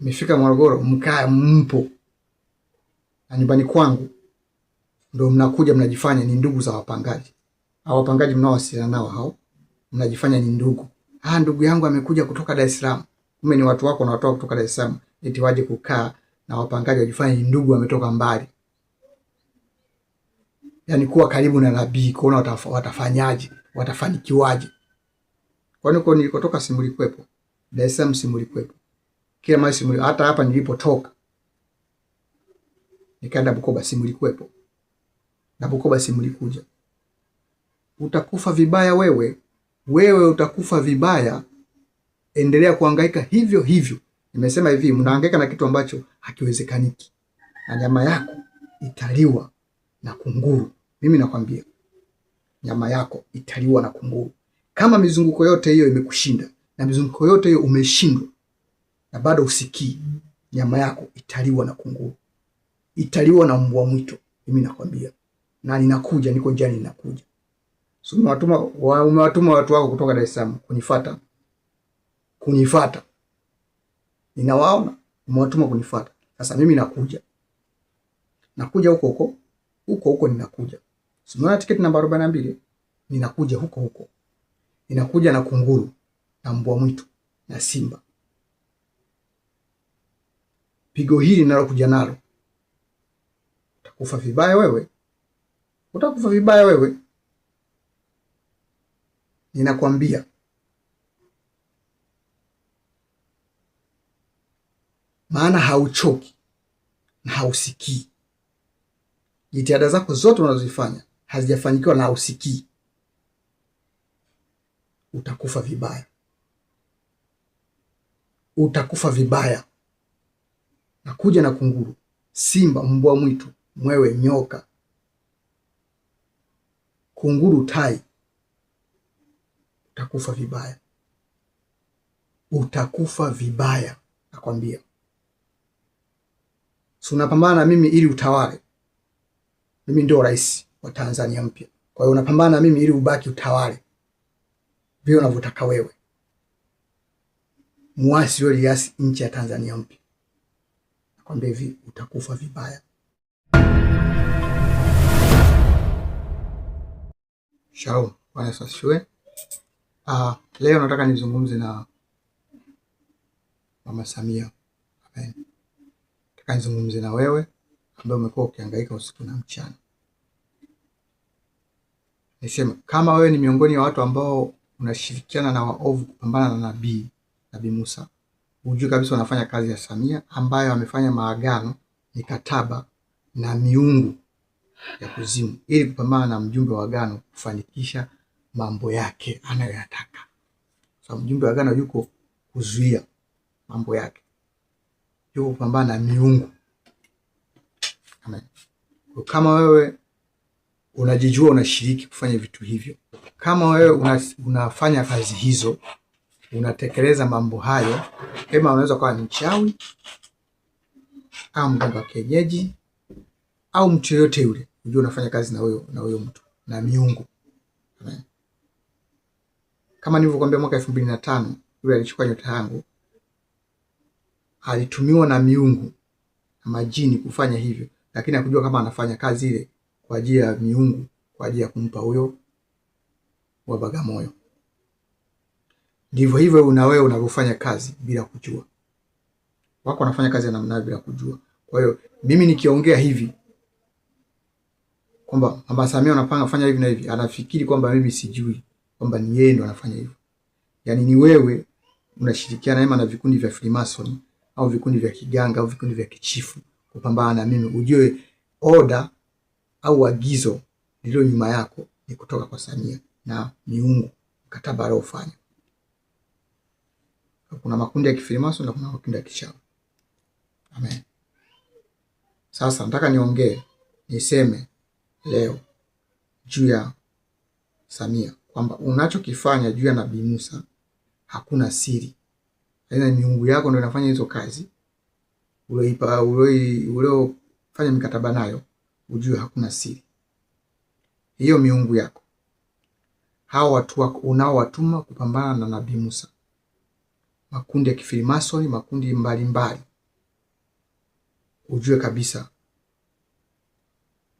mmefika Morogoro, mkaa mpo na nyumbani kwangu, ndio mnakuja mnajifanya ni ndugu za wapangaji au wapangaji mnaowasiliana nao hao, mnajifanya ni ndugu. Ah, ndugu yangu amekuja kutoka Dar es Salaam, kumbe ni watu wako na nawatoa kutoka Dar es Salaam, eti waje kukaa na wapangaji wajifanye ni ndugu, wametoka mbali. Yani kuwa karibu na nabii, kuona watafanyaje, watafanikiwaje. Kwani uko nilikotoka simulikwepo, Dar es Salaam simulikwepo kila mara simu, hata hapa nilipotoka nikaenda Bukoba simu na Bukoba simu likuja. Utakufa vibaya wewe, wewe utakufa vibaya, endelea kuhangaika hivyo hivyo. Nimesema hivi, mnahangaika na kitu ambacho hakiwezekaniki, na nyama yako italiwa na kunguru. Mimi nakwambia nyama yako italiwa na kunguru, kama mizunguko yote hiyo imekushinda na mizunguko yote hiyo umeshindwa na bado usikii, nyama yako italiwa na kunguru, italiwa na mbwa mwito. Mimi nakwambia, na ninakuja, niko njiani, ninakuja. So umewatuma wa, umewatuma watu wako kutoka Dar es Salaam kunifuata, kunifuata, ninawaona, umewatuma kunifuata. Sasa mimi nakuja, nakuja huko huko huko huko, ninakuja. So umeona tiketi namba arobaini na mbili, ninakuja huko huko, ninakuja na kunguru na mbwa mwitu na simba pigo hili linalokuja nalo, utakufa vibaya wewe, utakufa vibaya wewe, ninakwambia. Maana hauchoki na hausikii, jitihada zako zote unazozifanya hazijafanikiwa na hausikii, utakufa vibaya, utakufa vibaya nakuja na kunguru, simba, mbwa mwitu, mwewe, nyoka, kunguru, tai, utakufa vibaya, utakufa vibaya, nakwambia. Si unapambana na mimi ili utawale, mimi ndio rais wa Tanzania mpya. Kwa hiyo unapambana na mimi ili ubaki utawale vile unavyotaka wewe, muasi weliasi nchi ya Tanzania mpya kwamba hivi utakufa vibaya. Shalom Bwana asifiwe. Uh, leo nataka nizungumze na Mama Samia. Amen. Nataka nizungumze na wewe ambaye umekuwa ukihangaika usiku na mchana. Nisema kama wewe ni miongoni wa watu ambao unashirikiana na waovu kupambana na nabii Nabii Musa ujue kabisa wanafanya kazi ya Samia ambayo amefanya maagano, mikataba na miungu ya kuzimu ili kupambana na mjumbe wa agano kufanikisha mambo yake anayoyataka. So, mjumbe wa agano yuko kuzuia mambo yake, yuko kupambana na miungu. Amen. Kama wewe unajijua unashiriki kufanya vitu hivyo, kama wewe unafanya kazi hizo unatekeleza mambo hayo, ema unaweza kuwa ni mchawi au mganga wa kienyeji au mtu yoyote yule, unajua unafanya kazi na huyo na huyo mtu na miungu. Kama nilivyokuambia mwaka elfu mbili na tano yule alichukua nyota yangu alitumiwa na miungu na majini kufanya hivyo, lakini hakujua kama anafanya kazi ile kwa ajili ya miungu, kwa ajili ya kumpa huyo wa Bagamoyo. Ndivyo hivyo na wewe unavyofanya kazi bila kujua, wako wanafanya kazi ya namna bila kujua. Kwa hiyo mimi nikiongea hivi kwamba mama Samia anapanga fanya hivi na hivi, anafikiri kwamba mimi sijui kwamba ni yeye ndo anafanya hivyo. Yaani ni wewe unashirikiana naye na vikundi vya Freemason au vikundi vya kiganga au vikundi vya kichifu kupambana na mimi, ujue oda au agizo lililo nyuma yako ni kutoka kwa Samia na miungu mkataba aliofanya kuna makundi ya kifirimaso na kuna makundi ya kichawi. Amen. Sasa nataka niongee niseme leo juu ya Samia kwamba unachokifanya juu ya Nabii Musa hakuna siri, aina yaani miungu yako ndio inafanya hizo kazi ulioipa uliofanya mikataba nayo, ujue hakuna siri. Hiyo miungu yako, hao watu wako unaowatuma kupambana na Nabii Musa makundi ya kifilimasoni, makundi mbalimbali mbali. Ujue kabisa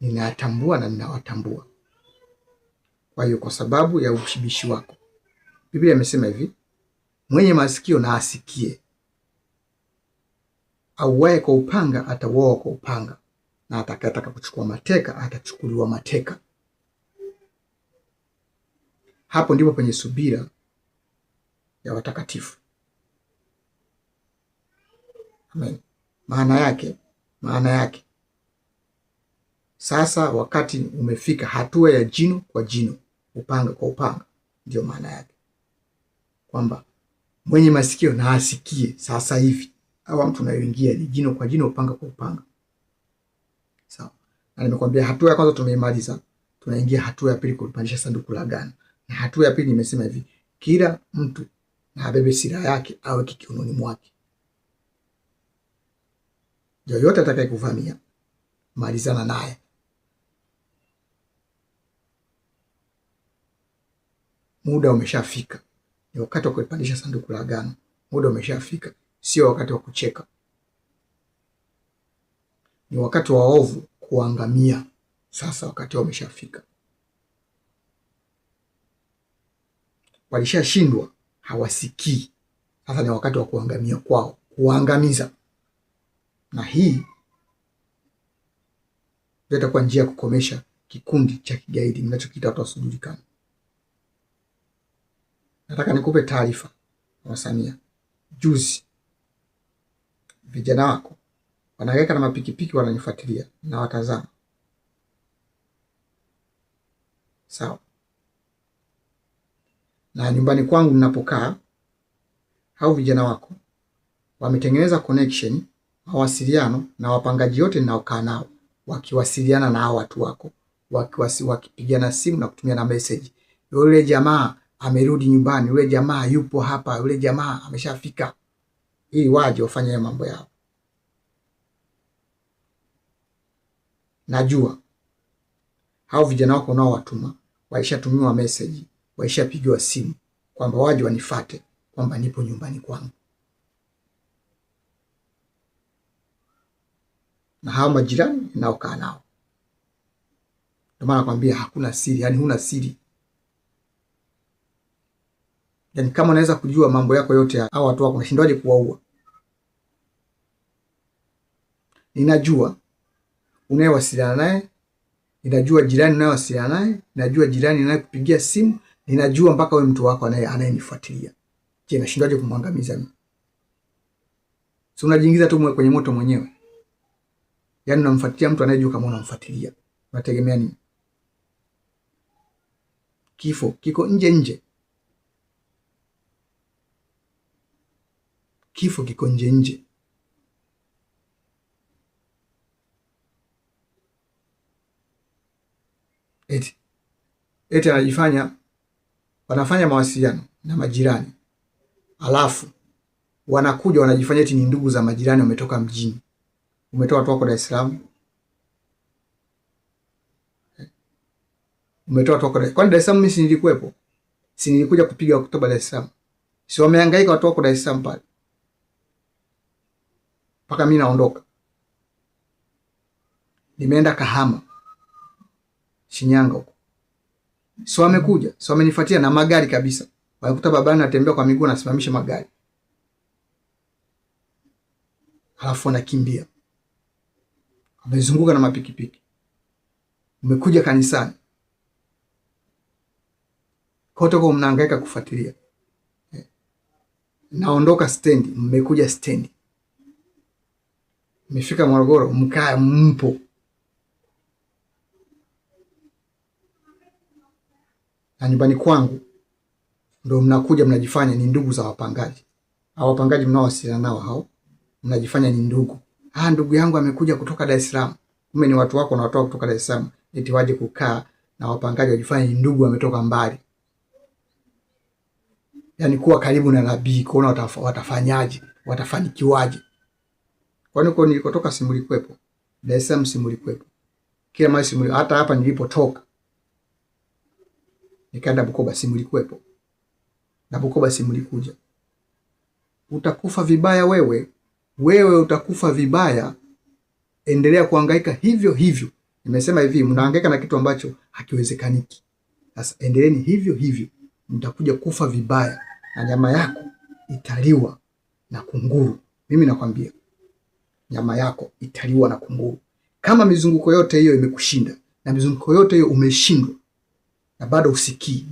ninayatambua na ninawatambua. Kwa hiyo kwa sababu ya ushibishi wako, Biblia imesema hivi, mwenye masikio na asikie. Auaye kwa upanga atauawa kwa upanga, na atakayetaka kuchukua mateka atachukuliwa mateka. Hapo ndipo penye subira ya watakatifu. Amen. Maana yake, maana yake sasa wakati umefika, hatua ya jino kwa jino, upanga kwa upanga. Ndio maana yake kwamba mwenye masikio na asikie sasa hivi, au mtu anayoingia ni jino kwa jino, upanga kwa upanga. Sawa, na nimekwambia hatua ya kwanza tumeimaliza, tunaingia hatua ya pili, kulipandisha sanduku la agano. Na hatua ya pili nimesema hivi, kila mtu na abebe silaha yake, aweke kikiunoni mwake yoyote atakayekuvamia malizana naye. Muda umeshafika, ni wakati wa kulipandisha sanduku la agano. Muda umeshafika, sio wakati wa kucheka. Ni wakati wa waovu kuangamia. Sasa wakati wao umeshafika, walishashindwa, hawasikii. Sasa ni wakati wa kuangamia kwao, kuangamiza na hii ndio itakuwa njia ya kukomesha kikundi cha kigaidi mnachokiita watu wasiojulikana. Nataka nikupe taarifa Mama Samia, juzi vijana wako wanaweka na mapikipiki wananifuatilia na watazama. Sawa na nyumbani kwangu ninapokaa hao vijana wako wametengeneza connection mawasiliano na wapangaji wote ninaokaa nao, wakiwasiliana na hao watu wako, wakipigana simu na kutumia na message, yule jamaa amerudi nyumbani, yule jamaa yupo hapa, yule jamaa ameshafika, ili waje wafanye hayo mambo yao. Najua hao vijana wako nao watuma waishatumiwa meseji, waishapigiwa simu kwamba waje wanifate, kwamba nipo nyumbani kwangu. na hawa majirani ninaokaa nao. Ndio maana nakwambia hakuna siri, yani huna siri. Yani kama unaweza kujua mambo yako yote ya hawa watu wako, unashindaje kuwaua? Ninajua unayewasiliana naye, ninajua jirani unayewasiliana naye, ninajua jirani anayekupigia simu, ninajua mpaka wewe mtu wako naye anayenifuatilia. Je, nashindaje kumwangamiza mimi? Si unajiingiza tu mwe kwenye moto mwenyewe yani unamfuatilia mtu anayejua kama unamfuatilia. Unategemea nini? Kifo kiko nje nje. Kifo kiko nje nje. Eti eti anajifanya wanafanya mawasiliano na majirani, alafu wanakuja wanajifanya eti ni ndugu za majirani wametoka mjini umetoa watu wako Dar es Salaam, umetoa watu wako kwani Dar es Salaam mimi si nilikuwepo? Si nilikuja kupiga hotuba Dar es Salaam? Si wamehangaika watu wako Dar es Salaam pale mpaka mimi naondoka, nimeenda Kahama, Shinyanga huko, si wamekuja? Si wamenifuatia na magari kabisa, wamekuta babani natembea kwa miguu, nasimamisha magari halafu wanakimbia umezunguka na mapikipiki, umekuja kanisani kote kwa mnahangaika kufuatilia, eh. naondoka stendi, mmekuja stendi, mmefika Morogoro, mkaa mpo na nyumbani kwangu ndo mnakuja mnajifanya ni ndugu za wapangaji. Hao wapangaji mnaowasiliana nao hao mnajifanya ni ndugu, ah, ndugu yangu amekuja kutoka Dar es Salaam, kumbe ni watu wako nawatoa kutoka Dar es Salaam, eti waje kukaa na wapangaji wajifanye ndugu wametoka mbali. Yani kuwa karibu na nabii, kuona watafanyaje, watafanikiwaje. Kwani uko nilikotoka simulikwepo, Dar es Salaam simulikwepo, kila mahali simuli, hata hapa nilipotoka nikaenda Bukoba simulikwepo na Bukoba simulikuja. Utakufa vibaya wewe wewe utakufa vibaya, endelea kuhangaika hivyo hivyo. Nimesema hivi, mnahangaika na kitu ambacho hakiwezekaniki. Sasa endeleeni hivyo hivyo, mtakuja kufa vibaya na nyama yako italiwa na kunguru. Mimi nakwambia nyama yako italiwa na kunguru, kama mizunguko yote hiyo imekushinda na mizunguko yote hiyo umeshindwa na bado usikii,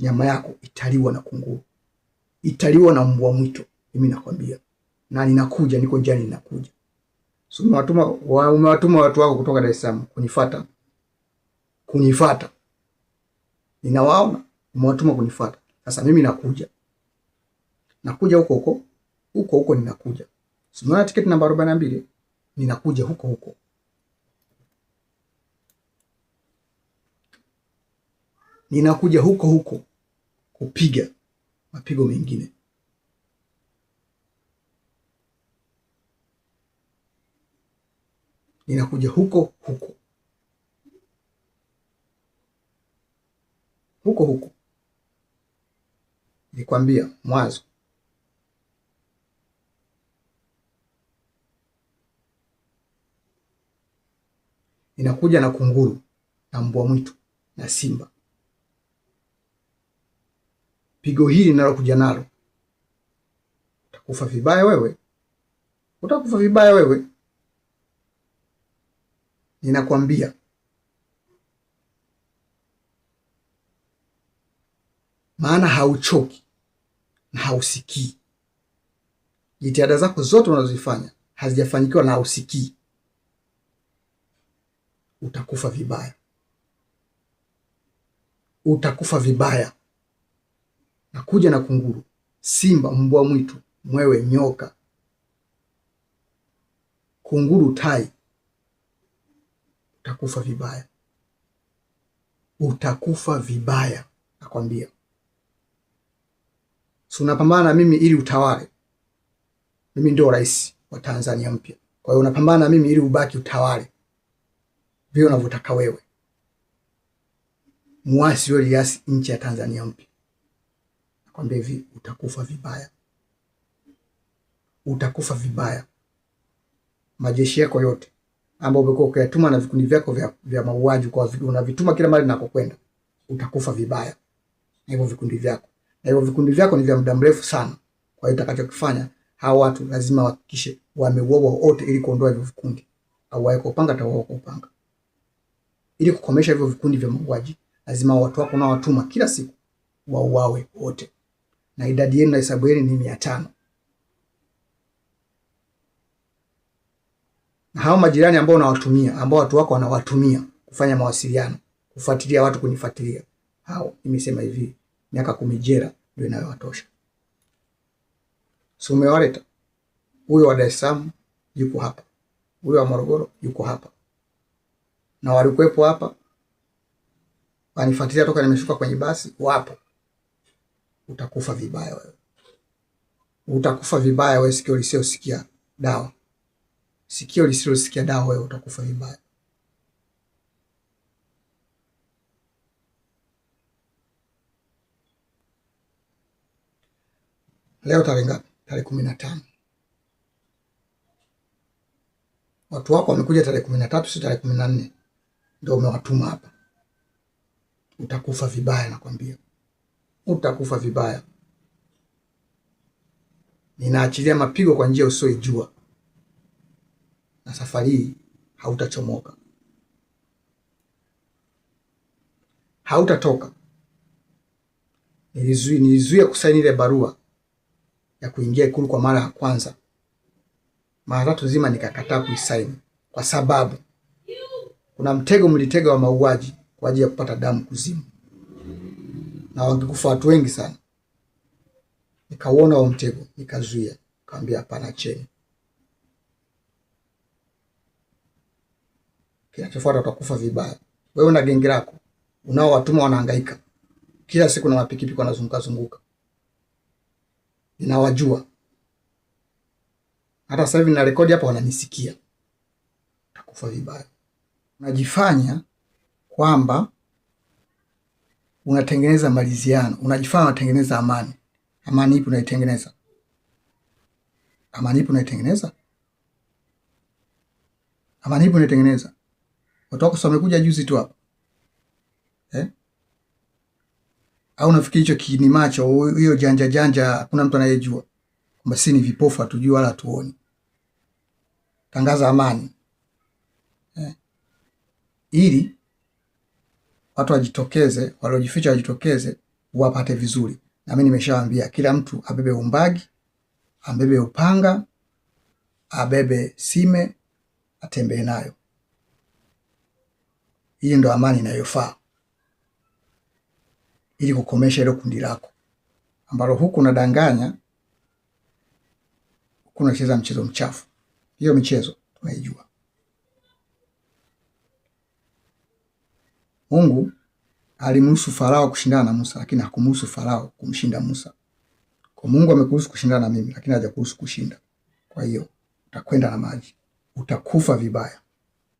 nyama yako italiwa na kunguru, italiwa na mbwa mwito. Mimi nakwambia na ninakuja, niko njiani ninakuja. So umewatuma wa, umewatuma watu wako kutoka Dar es Salaam kunifuata, kunifuata, ninawaona, umewatuma kunifuata. Sasa mimi nakuja, nakuja huko huko huko huko, ninakuja. So umeona tiketi namba arobaini na mbili, ninakuja huko huko ninakuja huko huko kupiga mapigo mengine. ninakuja huko huko huko huko. nikwambia mwanzo inakuja na kunguru na mbwa mwitu na simba. Pigo hili linalokuja nalo, utakufa vibaya wewe, utakufa vibaya wewe ninakwambia maana hauchoki na hausikii. Jitihada zako zote unazozifanya hazijafanikiwa na hausikii, utakufa vibaya, utakufa vibaya. Na kuja na kunguru, simba, mbwa mwitu, mwewe, nyoka, kunguru, tai utakufa vibaya, utakufa vibaya nakwambia. So unapambana na mimi ili utawale, mimi ndio rais wa Tanzania mpya. Kwa hiyo unapambana na mimi ili ubaki utawale vile unavyotaka wewe, muasi weliasi nchi ya Tanzania mpya. Nakwambia hivi, utakufa vibaya, utakufa vibaya, majeshi yako yote ambao umekuwa ukiyatuma na vikundi vyako vya, vya mauaji kwa unavituma kila mahali nakokwenda, utakufa vibaya na hivyo vikundi vyako, na hivyo vikundi vyako ni vya muda mrefu sana. Kwa hiyo utakachokifanya, hao watu lazima wahakikishe wameuawa wote, ili kuondoa hivyo vikundi. Au wae kwa upanga, tawao kwa upanga, ili kukomesha hivyo vikundi vya mauaji. Lazima watu wako na watuma kila siku wauawe wote, na idadi yenu na hesabu yenu ni mia tano. na hao majirani ambao unawatumia, ambao watu wako wanawatumia kufanya mawasiliano, kufuatilia watu, kunifuatilia hao, nimesema hivi, miaka kumi jela ndio inayowatosha. So huyo wa Dar es Salaam yuko hapa, huyo wa Morogoro yuko hapa, na walikuwepo hapa wanifuatilia toka nimeshuka kwenye basi, wapo. Utakufa vibaya wewe, utakufa vibaya wewe, sikio lisiosikia dawa. Sikio lisilosikia dawa, wewe utakufa vibaya. Leo tarehe ngapi? Tarehe kumi na tano. Watu wako wamekuja tarehe kumi na tatu, si tarehe kumi na nne ndio umewatuma hapa. Utakufa vibaya, nakwambia, utakufa vibaya. Ninaachilia mapigo kwa njia usioijua na safari hii hautachomoka, hautatoka. Nilizuia, nilizuia kusaini ile barua ya kuingia Ikulu kwa mara ya kwanza, mara tatu zima nikakataa kuisaini kwa sababu kuna mtego mlitega wa mauaji kwa ajili ya kupata damu kuzimu, na wangekufa watu wengi sana. Nikauona huo mtego, nikazuia, kaambia hapana, cheni kinachofuata utakufa vibaya. Wewe na gengi lako unao watumwa wanahangaika kila siku na mapikipiki wanazunguka zunguka, ninawajua. Hata sasa hivi na rekodi hapa, wananisikia. Utakufa vibaya. Unajifanya kwamba unatengeneza maliziano, unajifanya unatengeneza amani. Amani ipi unaitengeneza? Amani ipi unaitengeneza? Amani ipi unaitengeneza? Watu wako wamekuja juzi tu hapa eh? Au nafikiri hicho kinimacho hiyo janja janja, hakuna mtu anayejua kwamba si ni vipofu, hatujui wala tuoni Tangaza amani eh? ili watu wajitokeze, waliojificha wajitokeze, wapate vizuri. Na mimi nimeshawaambia kila mtu abebe umbagi, abebe upanga, abebe sime, atembee nayo. Hii ndo amani inayofaa ili kukomesha hilo kundi lako ambalo huku unadanganya, huku unacheza mchezo mchafu. Hiyo michezo tunaijua. Mungu alimruhusu Farao kushindana na Musa, lakini hakumruhusu Farao kumshinda Musa. Kwa Mungu amekuruhusu kushindana na mimi, lakini hajakuruhusu kushinda. Kwa hiyo utakwenda na maji, utakufa vibaya.